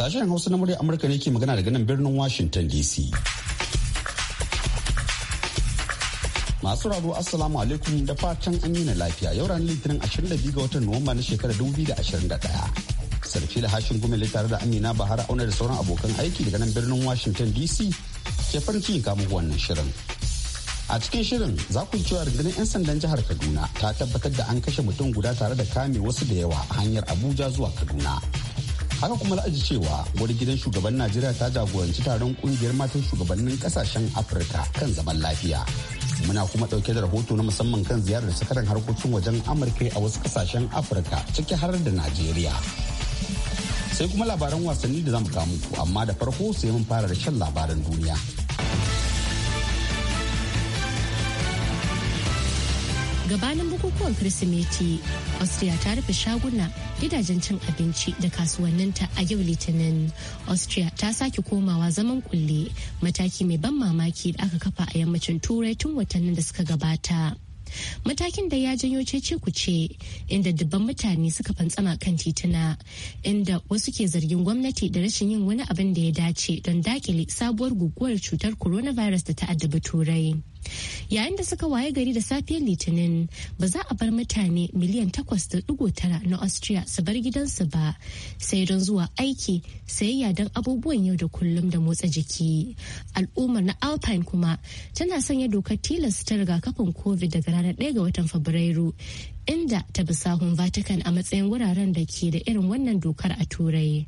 Sashen Hausa na muryar Amurka ne ke magana daga nan birnin Washington DC. Masu raro Assalamu alaikum da fatan an yi na lafiya yau ranar Litinin 22 ga watan Nuwamba na shekarar 2021. sarki da hashin gumele tare da Amina Bahar Auna da sauran abokan aiki daga nan birnin Washington DC ke farin cikin kamun wannan shirin. a cikin shirin za ku cewa rundunar 'yan sandan jihar kaduna ta tabbatar da an kashe mutum guda tare da kame wasu da yawa a hanyar abuja zuwa kaduna haka kuma za ji cewa wani gidan shugaban najeriya ta jagoranci taron kungiyar matan shugabannin kasashen afirka kan zaman lafiya muna kuma dauke da rahoto na musamman kan ziyarar sakarar harkokin wajen amurka a wasu kasashen afirka ciki har da najeriya sai kuma labaran wasanni da zamu kamu muku amma da farko sai mun fara da shan labaran duniya gabanin bukukuwan kirsimeti austria ta rufe shaguna gidajen cin abinci da kasuwanninta a yau litinin austria ta sake komawa zaman kulle mataki mai ban mamaki da aka kafa a yammacin turai tun watannin da suka gabata matakin da ya janyo cece ce. inda dubban mutane suka fantsama kan tituna inda wasu ke zargin gwamnati da rashin yin wani abin da ya dace don dakile sabuwar guguwar cutar coronavirus da ta addabi turai yayin da suka waye gari da safiyar litinin ba za a bar mutane miliyan 8.9 na austria su bar gidansu ba sai don zuwa aiki sayayya don abubuwan yau da kullum da motsa jiki al'ummar na alpine kuma tana sanya dokar tilasta rigakafin covid daga ranar 1 ga watan fabrairu inda ta bi sahun vatican a matsayin wuraren da ke da irin wannan dokar a turai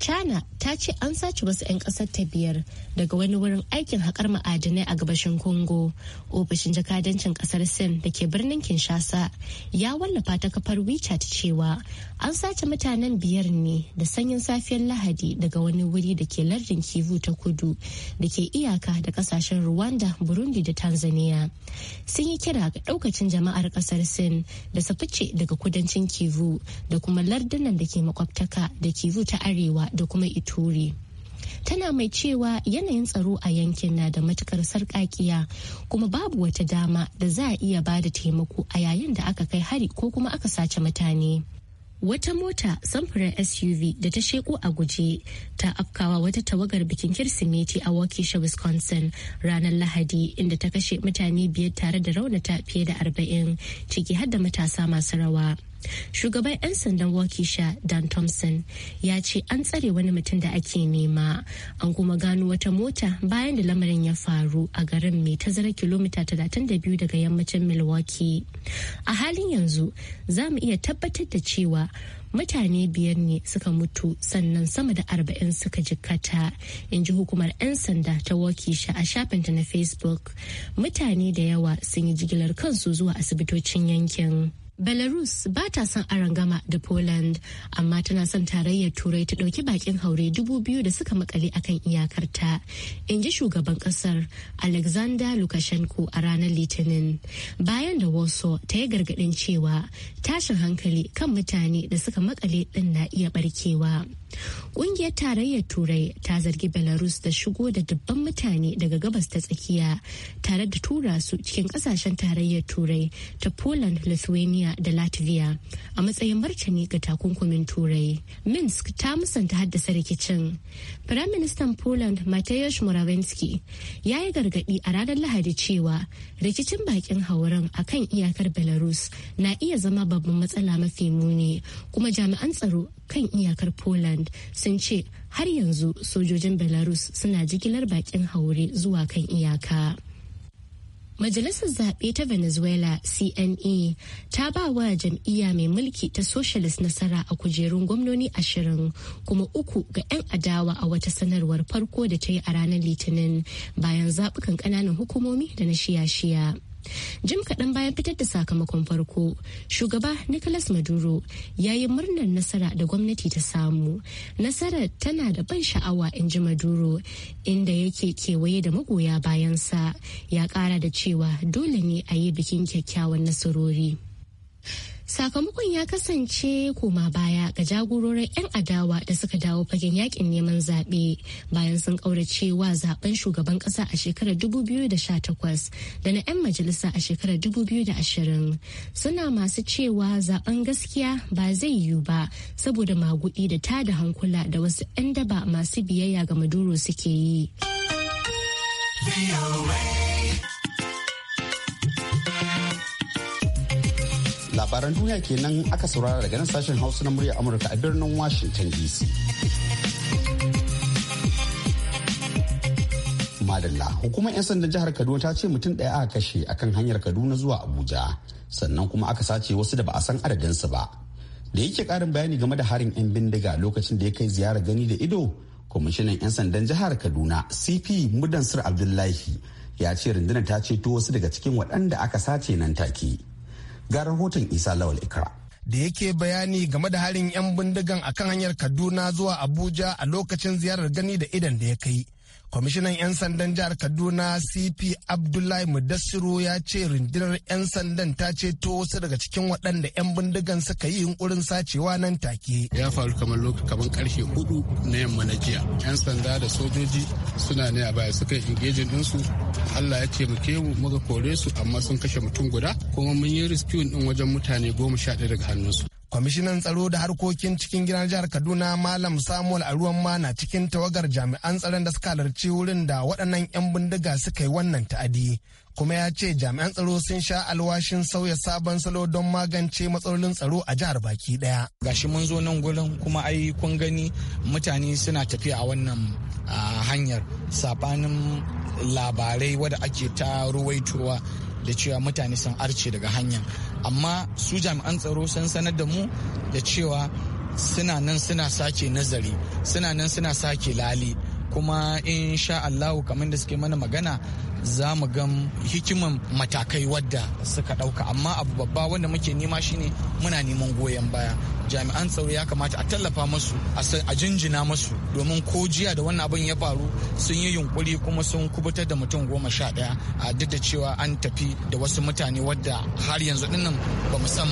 China ta ce an sace wasu 'yan ƙasar ta biyar daga wani wurin aikin haƙar ma'adinai a gabashin Congo. Ofishin jakadancin ƙasar Sin da ke birnin Kinshasa ya wallafa ta kafar WeChat cewa an sace mutanen biyar ne da sanyin safiyar Lahadi daga wani wuri da ke lardin Kivu ta kudu da ke iyaka da ƙasashen Rwanda, Burundi da Tanzania. Sun yi kira ga ɗaukacin jama'ar ƙasar Sin da su fice daga kudancin Kivu da kuma lardunan da ke makwabtaka da Kivu ta arewa da kuma Ituri. Tana mai cewa yanayin tsaro a yankin na da matukar sarƙaƙiya kuma babu wata dama da za a iya ba da taimako a yayin da aka kai hari ko kuma aka sace mutane. Wata mota samfurin SUV da ta sheko a guje ta afkawa wata tawagar bikin Kirsimeti a Waukesha, Wisconsin ranar Lahadi inda ta kashe mutane biyar tare da raunata fiye da arba'in ciki har da matasa masu rawa. shugaban 'yan sandan wakisha dan thompson ya ce an tsare wani mutum da ake nema an kuma gano wata mota bayan da lamarin ya faru a garin mai tazara kilomita 32 daga yammacin milwaukee a halin yanzu za mu iya tabbatar da cewa mutane biyar ne suka mutu sannan sama da arba'in suka jikkata in ji hukumar 'yan sanda ta wakisha a shafinta na facebook mutane da yawa sun yi jigilar kansu zuwa asibitocin yankin belarus ba ta son arangama da poland amma tana son tarayyar turai ta ɗauki bakin haure dubu biyu da suka makale akan iyakarta in ji shugaban ƙasar alexander lukashenko a ranar litinin bayan da warsaw ta yi gargaɗin cewa tashin hankali kan mutane da suka makale ɗin na iya ɓarkewa Ƙungiyar Tarayyar Turai ta zargi Belarus da shigo da dubban mutane daga gabas ta tsakiya tare da tura su cikin ƙasashen Tarayyar Turai ta Poland, Lithuania da Latvia a matsayin martani ga takunkumin Turai. Minsk ta musanta haddasa rikicin. Firaministan Poland Mateusz Morawiecki ya yi gargaɗi a ranar Lahadi cewa rikicin bakin hauren a kan iyakar Belarus na iya zama babban matsala mafi muni kuma jami'an tsaro kan iyakar poland sun ce har yanzu sojojin belarus suna jigilar bakin haure zuwa kan iyaka Majalisar Zaɓe ta Venezuela CNE ta ba wa jam'iyya mai mulki ta Socialist nasara a kujerun gwamnoni ashirin kuma uku ga 'yan adawa a wata sanarwar farko da ta yi a ranar Litinin bayan zaɓukan ƙananan hukumomi da na shiya-shiya. jim kaɗan bayan fitar da sakamakon farko shugaba nicholas maduro ya yi murnar nasara da gwamnati ta samu nasarar tana da ban sha'awa in ji maduro inda yake kewaye da magoya bayansa ya ƙara da cewa dole ne a yi bikin kyakkyawan nasarori sakamakon ya kasance koma baya ga jagororin 'yan adawa da suka dawo fagen yakin neman zaɓe bayan sun ƙaura cewa zaben shugaban ƙasa a shekarar 2018 da na 'yan majalisa a shekarar 2020 suna masu cewa zaben gaskiya ba zai yiwu ba saboda maguɗi da tada hankula da wasu 'yan daba masu biyayya ga maduro suke yi. labaran duniya kenan aka saurara daga nan sashen hausa na murya amurka a birnin washington dc madalla hukumar 'yan sandan jihar kaduna ta ce mutum ɗaya aka kashe akan hanyar kaduna zuwa abuja sannan kuma aka sace wasu da ba a san adadinsu ba da yake karin bayani game da harin 'yan bindiga lokacin da ya kai ziyara gani da ido kwamishinan 'yan sandan jihar kaduna cp mudansir abdullahi ya ce rundunar ta ceto wasu daga cikin waɗanda aka sace nan take ga rahoton isa lawal ikra da yake bayani game da harin 'yan bindigan akan hanyar kaduna zuwa abuja a lokacin ziyarar gani da idan da ya kai kwamishinan 'yan sandan jihar kaduna cp abdullahi mudassiru ya ce rundunar 'yan sandan ta ceto wasu daga cikin waɗanda 'yan bindigan suka yi yunkurin sacewa nan take ya faru kamar kamar karshe hudu na yamma na jiya 'yan sanda da sojoji suna ne a baya suka yi ingejin ɗinsu allah ya ce muke mu muka kore su amma sun kashe mutum guda kuma mun yi rescue ɗin wajen mutane goma sha ɗaya daga hannunsu kwamishinan tsaro da harkokin cikin gidan jihar kaduna malam samuel ruwan ma na cikin tawagar jami'an tsaron da suka halarci wurin da waɗannan 'yan bindiga suka yi wannan ta'adi kuma ya ce jami'an tsaro sun sha alwashin sauya sabon salo don magance matsalolin tsaro a jihar baki daya gashi mun zo nan gurin kuma ai kun gani mutane suna tafiya a wannan hanyar sabanin labarai wadda ake ta ruwaitowa da cewa mutane sun arce daga hanya amma su jami'an tsaro sun sanar da mu da cewa suna nan suna sake nazari suna nan suna sake lali kuma in sha Allahu kamar da suke mana magana za mu gan hikiman matakai wadda suka ɗauka amma abu babba wanda muke nema shine muna neman goyon baya jami'an tsaro ya kamata a tallafa masu a jinjina masu domin ko jiya da wannan abin ya faru sun yi yunkuri kuma sun kubutar da mutum goma sha ɗaya a duk da cewa an tafi da wasu mutane wadda har yanzu dinnan ba mu san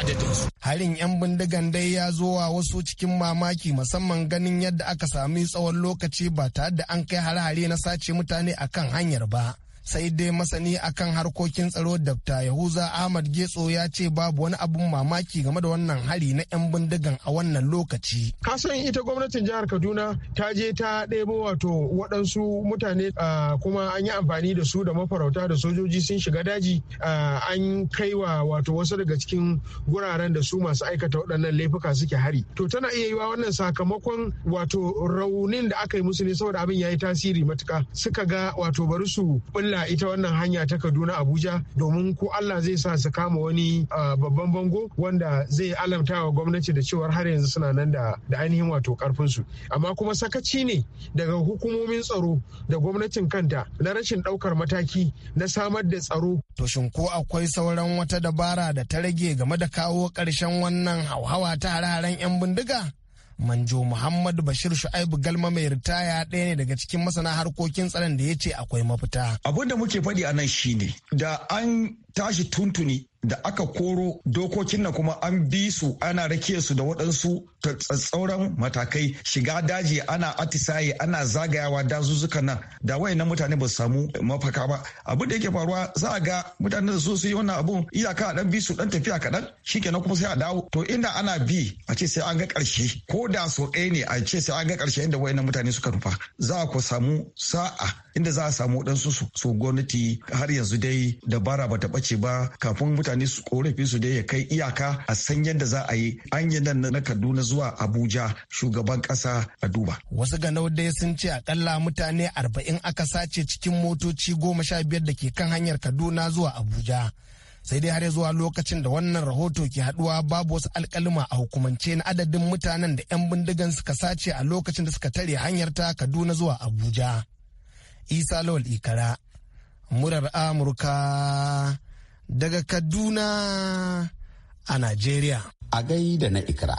adadinsu. harin 'yan bindigan dai ya zo wa wasu cikin mamaki musamman ganin yadda aka sami tsawon lokaci ba tare da an kai har hare na sace mutane akan hanyar ba sai dai masani akan harkokin tsaro dr yahuza ahmad getso ya ce babu wani abun mamaki game da wannan hari na 'yan bindigan a wannan lokaci kasan ita gwamnatin jihar kaduna ta je ta ɗebo wato waɗansu mutane kuma an yi amfani da su da mafarauta da sojoji sun shiga daji an kai wa wato wasu daga cikin guraren da su masu aikata waɗannan laifuka suke hari to tana iya yiwa wannan sakamakon wato raunin da aka yi musu ne saboda abin ya yi tasiri matuka suka ga wato bari su bulla magana ita wannan hanya ta kaduna abuja domin ko allah zai sa su kama wani ah, babban bango wanda zai alamta wa gwamnati da cewar har yanzu suna nan da ainihin wato karfinsu amma kuma sakaci ne daga hukumomin tsaro da gwamnatin kanta na rashin daukar mataki na samar da tsaro to shin ko akwai sauran wata dabara da ta rage game da kawo ƙarshen wannan hauhawa ta hare-haren 'yan bindiga manjo muhammad bashir shu'aibu galma mai ritaya ɗaya ne daga cikin masana harkokin tsaron da ya ce akwai mafita abin da muke faɗi a nan shine da an tashi tuntuni da aka koro dokokin na kuma an bi su ana rake su da waɗansu tsatsauran matakai shiga daji ana atisaye ana zagayawa dazuzzuka nan da na mutane ba su samu mafaka ba abin da yake faruwa za a ga mutane da su su yi wannan abun iyaka a dan bi su dan tafiya kaɗan shi na kuma sai a dawo to inda ana bi a ce sai an ga ƙarshe ko da so ɗaya ne a ce sai an ga ƙarshe inda wayannan mutane suka rufa za ku samu sa'a inda za a samu waɗansu su gwamnati har yanzu dai dabara bata ɓace ba kafin mutane mutane su korafi su dai ya kai iyaka a san yadda za a yi an yi nan na kaduna zuwa abuja shugaban kasa a duba wasu ganau dai sun ce akalla mutane arba'in aka sace cikin motoci goma sha biyar da ke kan hanyar kaduna zuwa abuja sai dai har zuwa lokacin da wannan rahoto ke haduwa babu wasu alkalima a hukumance na adadin mutanen da 'yan bindigan suka sace a lokacin da suka tare hanyar ta kaduna zuwa abuja isa lawal ikara murar amurka daga Kaduna a Najeriya. A gai da na ikra.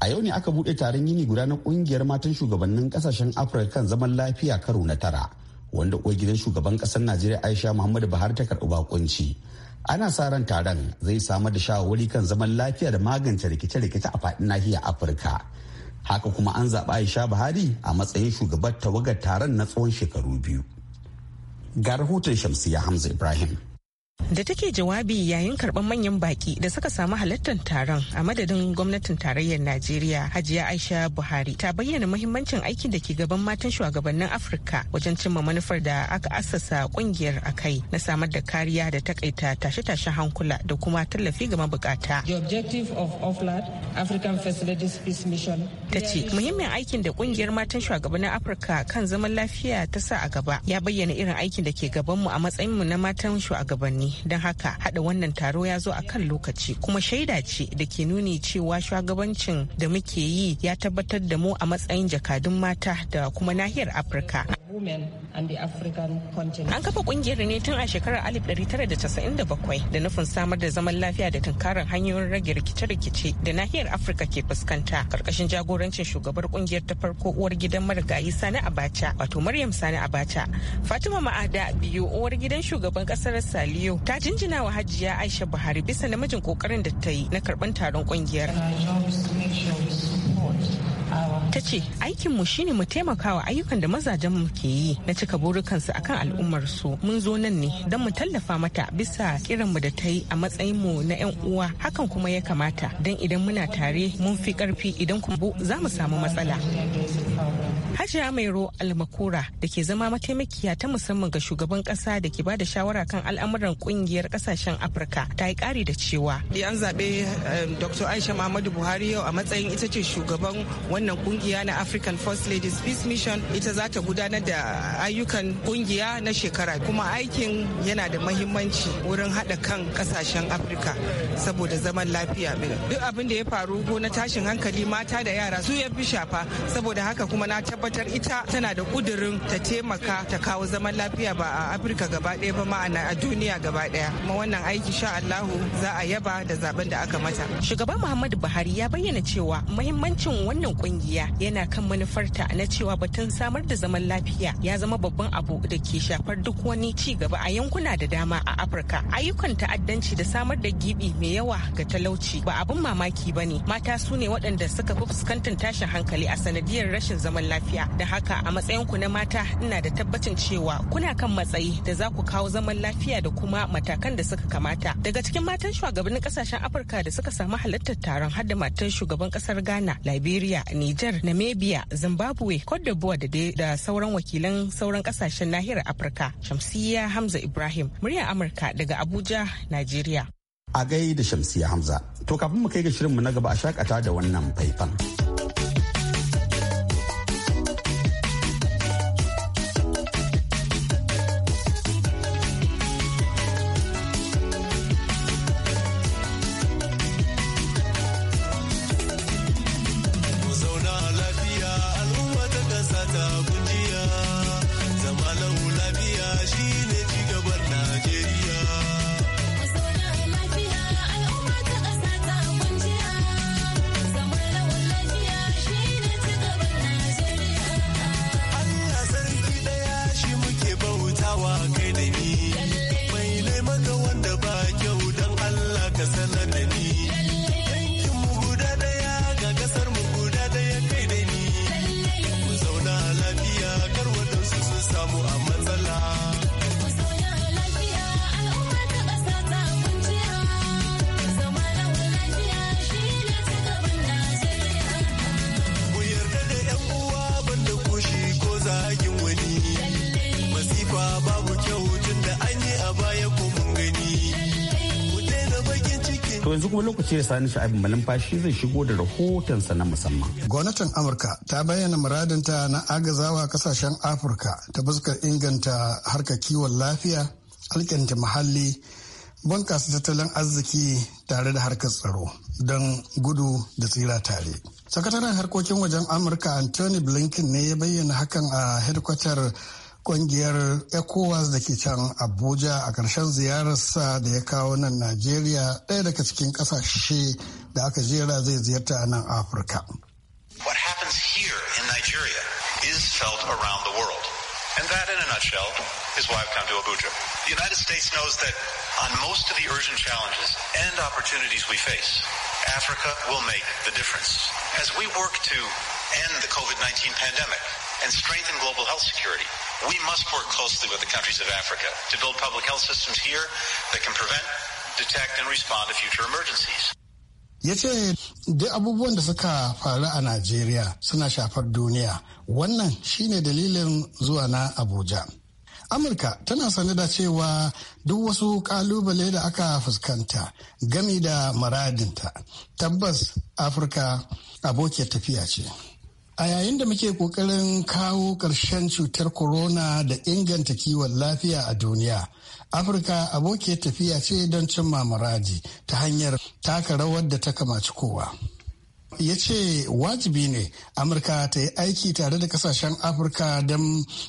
A yau ne aka buɗe taron yini guda na ƙungiyar matan shugabannin ƙasashen Afirka kan zaman lafiya karo na tara, wanda uwar gidan shugaban ƙasar Najeriya Aisha Muhammadu Buhari ta karɓi bakunci. Ana sa ran taron zai samar da shawarwari kan zaman lafiya da magance rikice-rikice a faɗin nahiyar Afirka. Haka kuma an zaɓi Aisha Buhari a matsayin shugabar tawagar taron na tsawon shekaru biyu. Ga rahoton Shamsiya Hamza Ibrahim. da take jawabi yayin karɓar manyan baki da suka samu halartar taron a madadin gwamnatin tarayyar najeriya hajiya aisha buhari ta bayyana muhimmancin aikin da ke gaban matan shugabannin afirka wajen cimma manufar da aka assasa kungiyar a kai na samar da kariya da takaita tashe-tashe hankula da kuma tallafi ga mabukata ta ce muhimmin aikin da kungiyar matan shugabannin afirka kan zaman lafiya ta sa a gaba ya bayyana irin aikin da ke gabanmu a matsayinmu na matan shugabanni don haka hada wannan taro ya zo a kan lokaci kuma shaida ce da ke nuni cewa shugabancin da muke yi ya tabbatar da mu a matsayin jakadun mata da kuma nahiyar afirka An kafa kungiyar ne tun a shekarar 1997 da nufin samar da zaman lafiya da tunkarar hanyoyin rage rikice-rikice da nahiyar Afirka ke fuskanta karkashin jagorancin shugabar kungiyar ta farko uwar gidan marigayi Sani Abacha wato Maryam Sani Abacha. Fatima Ma'ada biyu uwar gidan shugaban kasar Saliyo ta jinjina wa Hajiya Aisha Buhari bisa namijin kokarin da ta yi na karban taron kungiyar. ta ce aikinmu shine mu taimakawa ayyukan da mazajen mu ke yi na cika burukansu akan al'ummar su mun zo nan ne don mu tallafa mata bisa kiran mu da ta yi a matsayin mu na yan uwa hakan kuma ya kamata don idan muna tare mun fi karfi idan kuma za mu samu matsala Hajiya Mairo Almakura da ke zama mataimakiya ta musamman ga shugaban kasa da ke bada shawara kan al'amuran kungiyar kasashen Afirka ta yi kari da cewa. An zaɓe eh, Dr. Aisha Muhammadu Buhari yau a matsayin ita ce shugaban wannan kungiya na African First Ladies Peace Mission ita za ta gudanar da ayyukan kungiya na shekara kuma aikin yana da mahimmanci wurin haɗa kan kasashen Afirka saboda zaman lafiya. Duk abin da ya faru ko na tashin hankali mata da yara su ya fi shafa saboda haka kuma na tabbatar ita tana da kudirin ta taimaka ta kawo zaman lafiya ba a afirka gaba ɗaya ba ma'ana a duniya gaba ɗaya kuma wannan aiki sha allahu za a yaba da zaben da aka mata shugaban muhammadu buhari ya bayyana cewa muhimmancin wannan kungiya yana kan manufarta na cewa batun samar da zaman lafiya ya zama babban abu da ke shafar duk wani ci gaba a yankuna da dama a afirka ayyukan ta'addanci da samar da gibi mai yawa ga talauci ba abin mamaki ba ne mata su ne waɗanda suka fi fuskantar tashin hankali a sanadiyar rashin zaman lafiya lafiya da haka a matsayin ku na mata ina da tabbacin cewa kuna kan matsayi da za ku kawo zaman lafiya da kuma matakan da suka kamata daga cikin matan shugabannin kasashen afirka da suka samu halartar taron har da matan shugaban kasar ghana liberia niger namibia zimbabwe cote d'ivoire da da sauran wakilan sauran kasashen nahiyar afirka shamsiya hamza ibrahim muryar amurka daga abuja nigeria a gai da shamsiya hamza to kafin mu kai ga shirinmu na gaba a shakata da wannan faifan. To yanzu kuma lokaci da sani sha'abin malumfashi zai shigo da rahotonsa na musamman. Gwamnatin Amurka ta bayyana muradinta na agazawa kasashen Afirka ta fuskar inganta harkar kiwon lafiya, alkinta muhalli, bunƙasa tattalin arziki tare da harkar tsaro don gudu da tsira tare. Sakataren harkokin wajen Amurka Anthony Blinken ne ya bayyana hakan a hedkwatar kungiyar ecowas da ke can abuja a ƙarshen ziyararsa da ya kawo nan najeriya ɗaya daga cikin ƙasashe da aka jera zai ziyarta a nan afirka what happens here in nigeria is felt around the world And that, in a nutshell, is why I've come to Abuja. The United States knows that on most of the urgent challenges and opportunities we face, Africa will make the difference. As we work to end the COVID-19 pandemic and strengthen global health security. We must work closely with the countries of Africa to build public health systems here that can prevent, detect, and respond to future emergencies. ya ce duk abubuwan da suka faru a najeriya suna shafar duniya wannan shine dalilin zuwa na abuja amurka tana sane da cewa duk wasu kalubale da aka fuskanta gami da muradinta tabbas afirka abokiyar tafiya ce A yayin da muke ƙoƙarin kawo ƙarshen cutar corona da inganta kiwon lafiya a duniya, Afirka abokiyar tafiya ce don cimma muradi ta hanyar taka rawar da ta kamaci kowa. ya ce wajibi ne amurka ta yi aiki tare da kasashen afirka don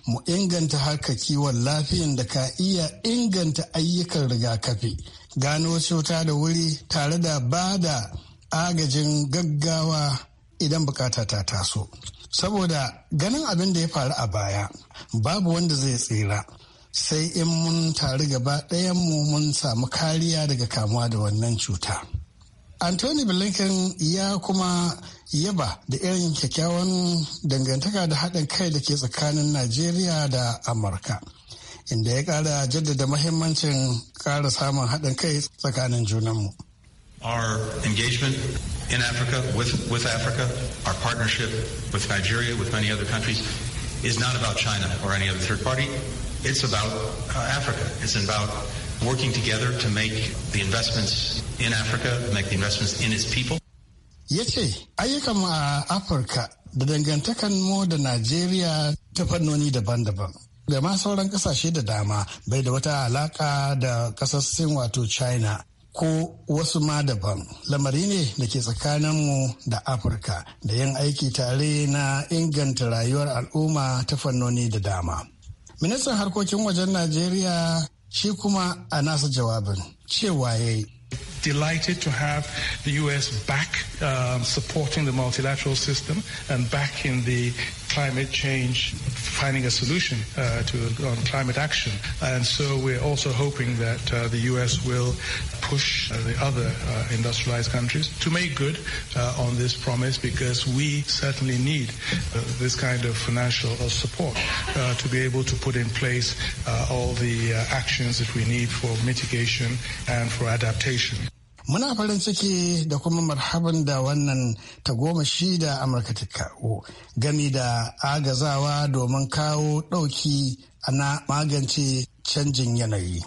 mu inganta harkar kiwon lafiyan da ka iya inganta ayyukan rigakafi gano cuta da wuri tare da ba da agajin gaggawa idan bukata ta taso saboda ganin abin da ya faru a baya babu wanda zai tsira sai in mun taru gaba mu mun samu kariya daga kamuwa da wannan cuta anthony blinken ya kuma yaba da irin kyakkyawan dangantaka da haɗin kai da ke tsakanin najeriya da amurka inda ya ƙara jaddada mahimmancin ƙara samun haɗin kai tsakanin junanmu. Our engagement in Africa, with, with Africa, our partnership with Nigeria, with many other countries, is not about China or any other third party. It's about uh, Africa. It's about working together to make the investments in Africa, make the investments in its people. Ya ce, ayyukanmu uh, a Afirka da dangantakanmu da Najeriya ta fannoni daban-daban. Da ma sauran kasashe da dama bai da wata alaka da kasar Sin wato China ko wasu ma daban lamari ne da ke tsakaninmu da afirka da yin aiki tare na inganta rayuwar al'umma ta fannoni da dama ministan harkokin wajen najeriya shi kuma a nasa jawabin cewa ya yi delighted to have the U.S. back uh, supporting the multilateral system and back in the climate change, finding a solution uh, to on climate action. And so we're also hoping that uh, the U.S. will push uh, the other uh, industrialized countries to make good uh, on this promise because we certainly need uh, this kind of financial support to be able to put in place all the actions that we need for mitigation and for adaptation. Muna farin ciki da kuma marhaban da wannan shi da Amurka ta kawo gami da agazawa domin kawo ɗauki na magance canjin yanayi.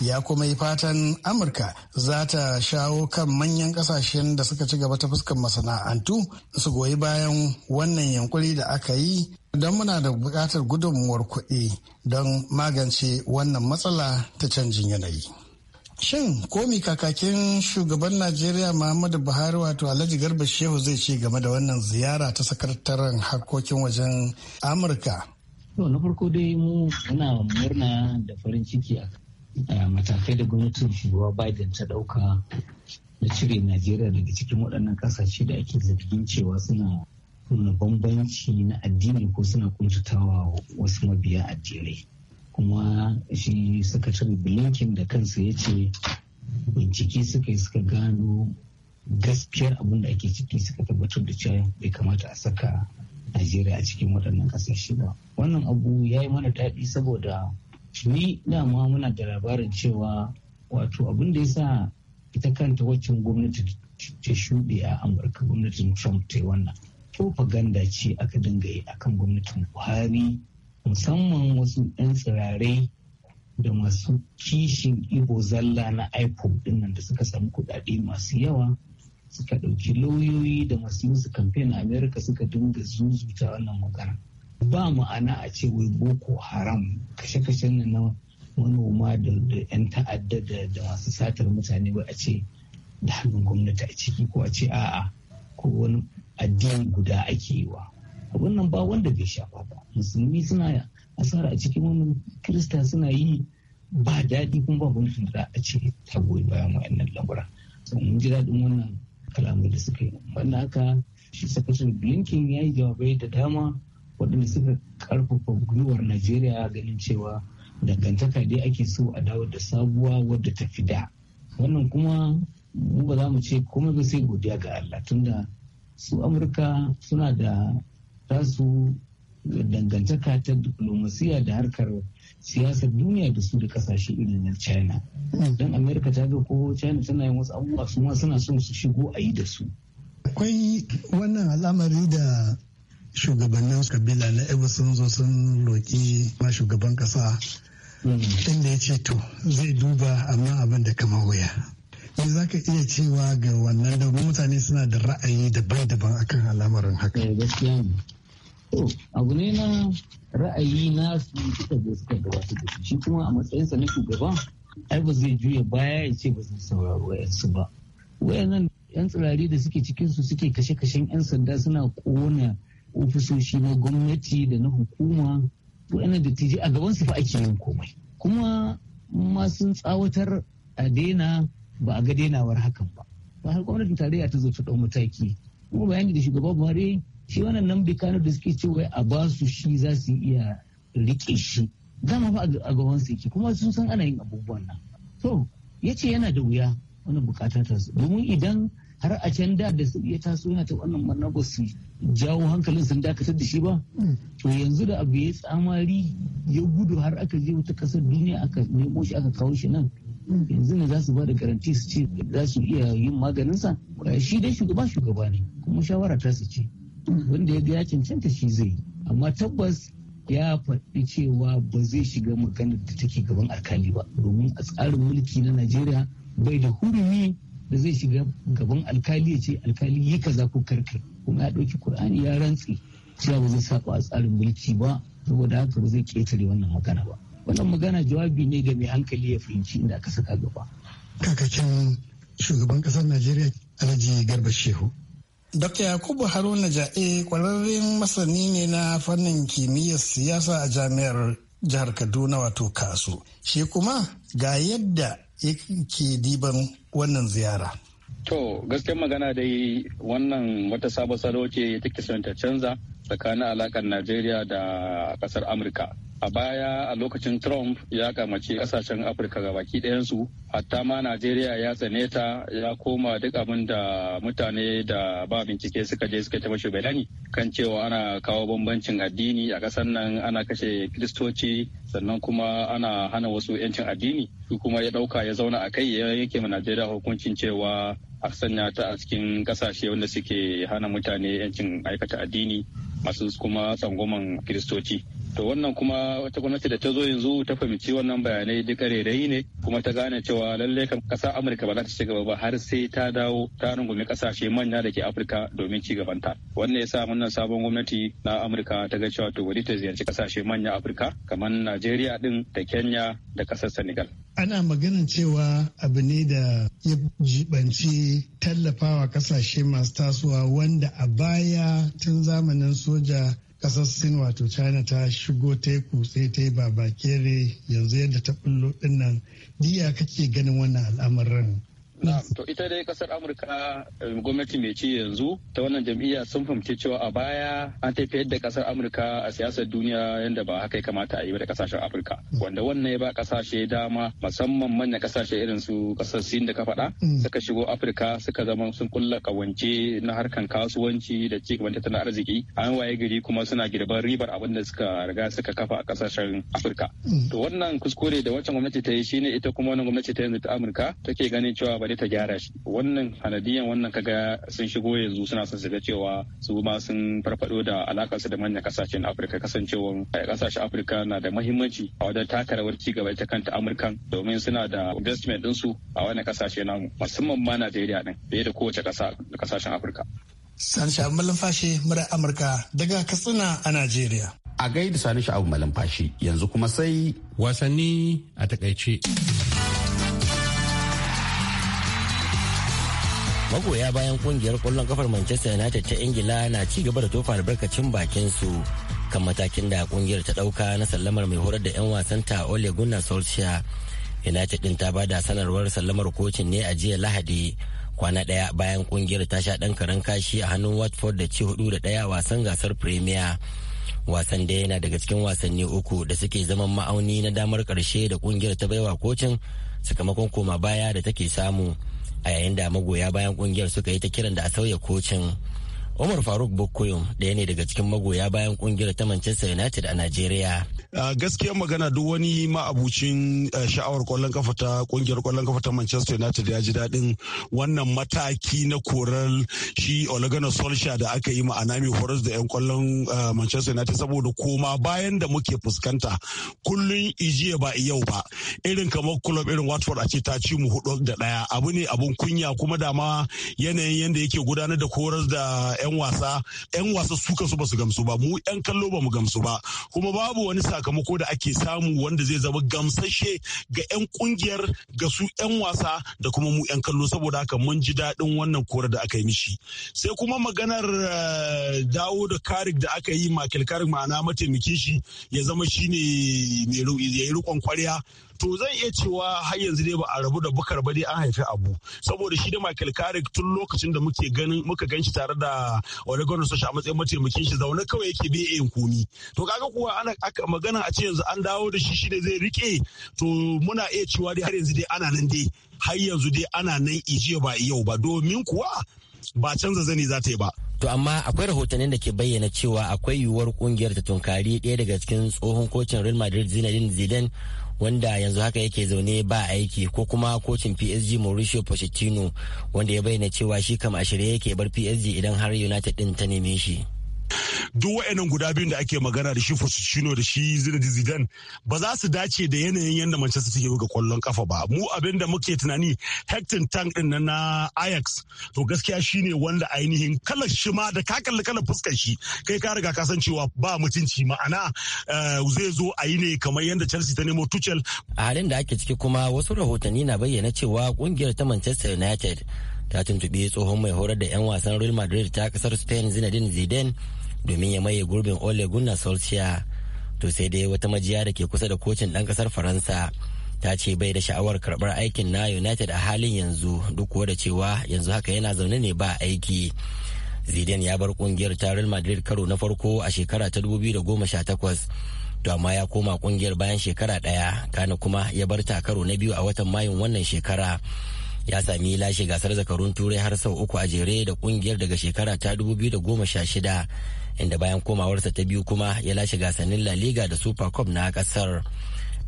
Ya kuma yi fatan Amurka za ta shawo kan manyan ƙasashen da suka ci gaba ta fuskar masana'antu su goyi bayan wannan yankuri da aka yi don muna da buƙatar gudunmuwar kuɗi don magance wannan matsala ta canjin yanayi. Shin komi kakakin shugaban Najeriya Muhammadu Buhari wato Alhaji Garba Shehu zai ce game da wannan ziyara ta sakataren harkokin wajen Amurka? To na farko dai mu muna murna da farin ciki a matakai da gwamnatin shugaba Biden ta dauka na cire Najeriya daga cikin waɗannan kasashe da ake zargin cewa suna nuna bambanci na addini ko suna kuntatawa wasu mabiya addinai. kuma shi sakatare blinken da kansa ya ce bincike suka yi suka gano gaskiyar abin da ake ciki suka tabbatar da cewa bai kamata a saka najeriya a cikin waɗannan ƙasashe ba wannan abu ya yi mana daɗi saboda ni dama muna da labarin cewa wato abin da ya sa ita kanta waccan gwamnati ta shuɗe a amurka gwamnatin trump ta yi wannan propaganda ce aka dinga yi akan gwamnatin buhari musamman wasu 'yan tsirarai da masu kishin ibo zalla na ipod dinnan da suka samu kudade masu yawa suka ɗauki lauyoyi da masu musu kamfen a amerika suka dinga zuzuta wannan magana ba ma'ana a ce wai boko haram kashe kashe na manoma da 'yan ta'adda da masu satar mutane ba a ce da hannun gwamnati a ciki ko a ce a'a ko wani addini guda ake yi wa abin nan ba wanda bai shafa ba musulmi suna asara a cikin wannan kirista suna yi ba daɗi kuma ba gwamnatin da a ce ta goyi bayan wa'annan lamura sun mun ji daɗin wannan kalamai da suka yi wanda haka shi sakataren blinken ya yi jawabai da dama waɗanda suka karfafa gwiwar najeriya ganin cewa dangantaka dai ake so a dawo da sabuwa wadda ta fi da wannan kuma mu ba za mu ce komai ba sai godiya ga allah tunda su amurka suna da za su dangantaka ta diplomasiya da harkar siyasar duniya da su da kasashe irin na china don amerika ta ga ko china tana yin wasu abubuwa su ma suna son su shigo a yi da su akwai wannan al'amari da shugabannin kabila na ebe sun zo sun roƙi ma shugaban kasa hmm. inda ya ce to zai duba amma abin da kama wuya me za ka iya cewa ga wannan domin mutane suna da ra'ayi daban-daban akan al'amarin haka eh, abu ne na ra'ayi na su suka je suka gabata da shi kuma a matsayinsa na shugaba ai ba zai juya baya ya ce ba zai saurari wayansu ba. Wayannan yan tsirari da suke cikinsu suke kashe-kashen yan sanda suna kona ofisoshi na gwamnati da na hukuma wayannan dattijai a su fa ake yin komai. Kuma ma sun tsawatar a daina ba a ga dainawar hakan ba. Ba har gwamnatin tarayya ta zo ta ɗau mataki. Kuma bayani da shugaba Buhari shi wannan nan bikano da suke cewa a ba su shi za su iya rike shi dama ba a gaban su yake kuma sun san ana yin abubuwan nan to ya ce yana da wuya wannan bukata ta su domin idan har a can da da iya taso yana ta wannan barna ba su jawo hankalin sun dakatar da shi ba to yanzu da abu ya tsamari ya gudu har aka je wata kasar duniya aka nemo shi aka kawo shi nan yanzu ne za su ba da garanti su ce za su iya yin maganinsa shi dai shugaba shugaba ne kuma shawara ta su ce wanda ya ga ya cancanta shi zai amma tabbas ya faɗi cewa ba zai shiga maganar da take gaban alkali ba domin a tsarin mulki na najeriya bai da hurumi da zai shiga gaban alkali ya ce alkali yi kaza ko karkai kuma ya ɗauki kur'ani ya rantse cewa ba zai saba a tsarin mulki ba saboda haka ba zai ƙetare wannan magana ba wannan magana jawabi ne ga mai hankali ya fahimci inda aka saka gaba kakakin shugaban ƙasar najeriya alhaji garba shehu Dr. Yakubu Haruna Ja'e kwararren masani ne na fannin kimiyyar siyasa a jami'ar jihar Kaduna wato Kasu. Shi kuma ga yadda yake diban wannan ziyara. To gaskiyar magana dai wannan wata sabon salo ce take son canza tsakanin alakar Najeriya da kasar Amurka. a baya a lokacin trump ya kamace kasashen afirka gabaki ɗayansu hatta ma najeriya ya tsane ta ya koma duk abin da mutane da ba bincike suka je suka taɓa shugabanni kan cewa ana kawo bambancin addini a ƙasar nan ana kashe kiristoci sannan kuma ana hana wasu 'yancin addini shi kuma ya ɗauka ya zauna a kai ya yake ma najeriya hukuncin cewa a sanya ta a cikin ƙasashe wanda suke hana mutane 'yancin aikata addini masu kuma tsangwaman kiristoci to wannan kuma wata gwamnati da ta zo yanzu ta fahimci wannan bayanai duka rairayi ne kuma ta gane cewa lallai kan ƙasa amurka ba za ta ci gaba ba har sai ta dawo ta rungumi ƙasashe manya da ke afirka domin ci gabanta wannan yasa wannan sabon gwamnati na amurka ta ga cewa to wani ta ziyarci ƙasashe manya afirka kamar najeriya din da kenya da ƙasar senegal ana maganin cewa abu ne da ya jibanci tallafawa ƙasashe masu tasowa wanda a baya tun zamanin soja kasar sin wato china ta shigo ta yi kutse ta yi babakere yanzu yadda ta bullo dinnan diya kake ganin wannan al'amarin To ita dai kasar Amurka eh, gwamnati mai ci yanzu ta wannan jam'iyya sun fahimci cewa a baya an tafiyar da kasar Amurka a siyasar duniya yadda ba haka ya kamata a yi da kasashen Afirka. Mm. Wanda wannan ya ba kasashe dama musamman manya kasashe irin su kasar Sin da ka faɗa mm. suka shigo Afirka suka zama sun kulla kawance na harkan kasuwanci da ci gaban tattalin arziki an waye gari kuma suna girban ribar abin da suka riga suka kafa a kasashen Afirka. Mm. To wannan kuskure da wancan gwamnati ta yi shine ita kuma wannan gwamnati ta yanzu ta Amurka take ganin cewa ba bari ta gyara shi wannan sanadiyan wannan kaga sun shigo yanzu suna son su ga cewa su ma sun farfado da alakarsu da manyan kasashen afirka kasancewar eh, kasashen afirka na da mahimmanci a wajen taka rawar ci gaba ta kanta Amurka domin suna da investment ɗinsu a wannan kasashe namu musamman ma najeriya din fiye da kowace ƙasa da kasashen afirka Sani Sha'abu Malumfashi murar Amurka daga Katsina a Najeriya. A gaida Sani Sha'abu Malumfashi yanzu kuma sai wasanni a takaice. magoya bayan kungiyar kwallon kafar manchester united ta ingila na ci gaba da tofa albarkacin bakin su kan matakin da kungiyar ta dauka na sallamar mai horar da 'yan wasan ta ole gunnar solskjaer united din ta ba da sanarwar sallamar kocin ne a jiya lahadi kwana daya bayan kungiyar ta sha dan karan kashi a hannun watford da ci hudu da daya wasan gasar premier wasan da yana daga cikin wasanni uku da suke zaman ma'auni na damar karshe da kungiyar ta baiwa kocin sakamakon koma baya da take samu. a yayin da magoya bayan kungiyar suka yi ta kiran da a sauya kocin Umar Faruk Bokoyo ɗaya ne daga cikin magoya bayan kungiyar ta Manchester United a Najeriya. Uh, gaskiyar magana duk wani ma'abucin uh, sha'awar kwallon kafa ta kungiyar kwallon kafa ta Manchester United ya ji daɗin wannan mataki na korar shi Olegana Solskjaer da aka yi ma'ana mai horas da 'yan kwallon uh, eh, Manchester United saboda koma bayan da muke fuskanta kullun ijiya ba yau ba irin kamar club irin Watford a ce ta ci mu hudu da ɗaya abu ne abun kunya kuma dama yanayin yadda yake gudanar da korar da 'yan 'yan wasa 'yan wasa su kansu ba su gamsu ba mu 'yan kallo ba mu gamsu ba kuma babu wani sakamako da ake samu wanda zai zama gamsashe ga 'yan kungiyar ga su 'yan wasa da kuma mu 'yan kallo saboda haka mun ji daɗin wannan kora da aka yi mishi sai kuma maganar eh, dawo da karik da aka yi makil karik ma'ana mataimakin shi ya zama shine mai ya yi riƙon kwarya to zan iya cewa har yanzu dai ba a rabu da bukar ba dai an haifi abu saboda shi da michael carrick tun lokacin da muke ganin muka gan shi tare da oregon sosha a matsayin mataimakin shi zaune kawai yake bai yin komi to kaga kuwa ana aka magana a ce yanzu an dawo da shi shi da zai rike to muna iya cewa dai har yanzu dai ana nan dai har yanzu dai ana nan ijiya ba yau ba domin kuwa ba canza zane za ta yi ba. To amma akwai rahotannin da ke bayyana cewa akwai yiwuwar kungiyar ta tunkari ɗaya daga cikin tsohon kocin Real Madrid Zinedine Zidane wanda yanzu haka yake zaune ba aiki ko kuma kocin PSG Mauricio Pochettino wanda ya bayyana cewa shi kama a shirye yake bar PSG idan har United din ta neme shi. duk wa'annan guda biyun da ake magana da shi Pochettino da shi Zidane ba za su dace da yanayin yadda Manchester take buga kwallon kafa ba mu abin da muke tunani Hector Tank din na Ajax to gaskiya shine wanda ainihin kalar shi ma da ka kalli kalar fuskar shi kai ka riga ka san cewa ba mutunci ma'ana eh, zai zo a yi ne kamar yadda Chelsea ta nemo Tuchel a halin da ake ciki kuma wasu rahotanni na bayyana cewa kungiyar ta Manchester United ta tuntuɓi tsohon mai horar da 'yan wasan Real Madrid ta kasar Spain Zinedine Zidane domin ya maye gurbin Ole Gunnar Solskjaer to sai dai wata majiya da ke kusa da kocin ɗan ƙasar Faransa ta ce bai da sha'awar karɓar aikin na United a halin yanzu duk kuwa da cewa yanzu haka yana zaune ne ba aiki. Zidane ya bar kungiyar ta Real Madrid karo na farko a shekara ta 2018 to amma ya koma kungiyar bayan shekara ɗaya kana kuma ya bar ta karo na biyu a watan Mayun wannan shekara. ya sami lashe gasar zakarun turai har sau uku a jere da kungiyar daga shekara ta 2016 inda bayan komawarsa ta biyu kuma ya lashe gasannin La Liga da Super Cup na kasar.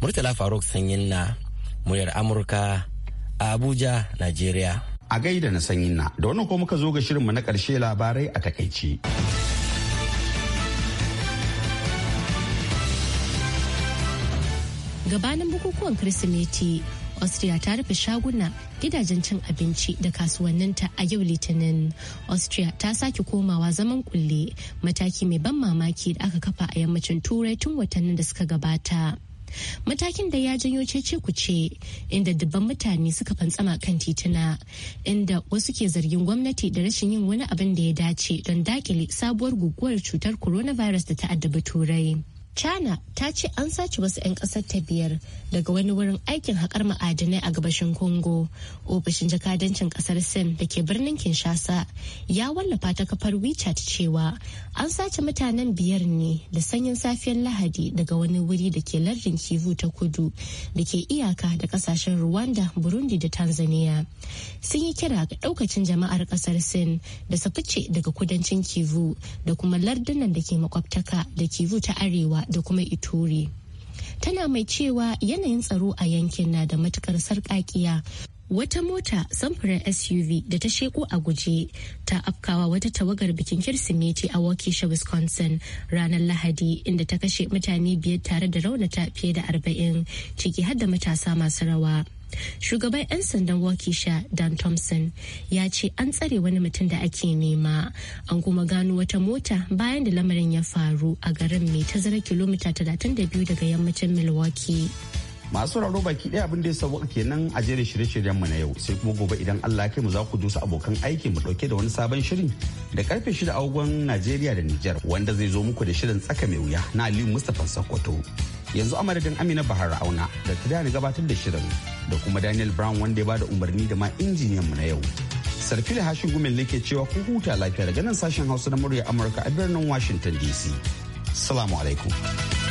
Murtala Faruk Sanyin na muryar Amurka a Abuja, nigeria. A gaida na Sanyin na, da wannan kuma muka zo ga shirinmu na ƙarshe labarai a takaici. Gabanin bukukuwan Kirsimeti, austria ta rufe shaguna gidajen cin abinci da kasuwanninta a yau litinin austria ta sake komawa zaman kulle mataki mai ban mamaki da aka kafa a yammacin turai tun watannin da suka gabata matakin da ya janyo cece ce. inda dubban mutane suka fantsama kan tituna inda wasu ke zargin gwamnati da rashin yin wani abin da ya dace don dakile sabuwar guguwar cutar coronavirus da ta addabi turai China ta ce an sace wasu 'yan ƙasar ta biyar daga wani wurin aikin haƙar ma'adinai a gabashin Congo. Ofishin jakadancin ƙasar Sin da ke birnin Kinshasa ya wallafa ta kafar WeChat cewa an sace mutanen biyar ne da sanyin safiyar Lahadi daga wani wuri da ke lardin Kivu ta kudu da ke iyaka da ƙasashen Rwanda, Burundi da Tanzania. Sun yi kira ga ɗaukacin jama'ar ƙasar Sin da su daga kudancin Kivu da kuma lardunan da ke makwabtaka da Kivu ta arewa da kuma Ituri. Tana mai cewa yanayin tsaro a yankin na da matukar sarƙaƙiya wata mota samfurin suv da ta sheko a guje ta afkawa wata tawagar bikin kirsimeti a waukesha wisconsin ranar lahadi inda ta kashe mutane biyar tare da raunata fiye da arba'in ciki har da matasa masu rawa shugaban 'yan sandan wakisha dan thompson ya ce an tsare wani mutum da ake nema an kuma gano wata mota bayan da lamarin ya faru a garin mai tazara kilomita 32 daga yammacin milwaukee masu raro baki ɗaya abin da ya sauka kenan a jerin shirye-shiryen mu na yau sai kuma gobe idan Allah kai mu za ku dusa abokan aiki mu ɗauke da wani sabon shirin da karfe shida agogon Najeriya da Nijar wanda zai zo muku da shirin tsaka mai wuya na Aliyu Mustapha Sokoto. yanzu a madadin amina bahar auna da ta gabatar da shirin da kuma daniel brown wanda ya bada umarni da ma injiniyan mu na yau sarfil hashin gumin ke cewa ku huta lafiya daga nan sashen hausa na murya amurka a birnin washington dc salamu alaikum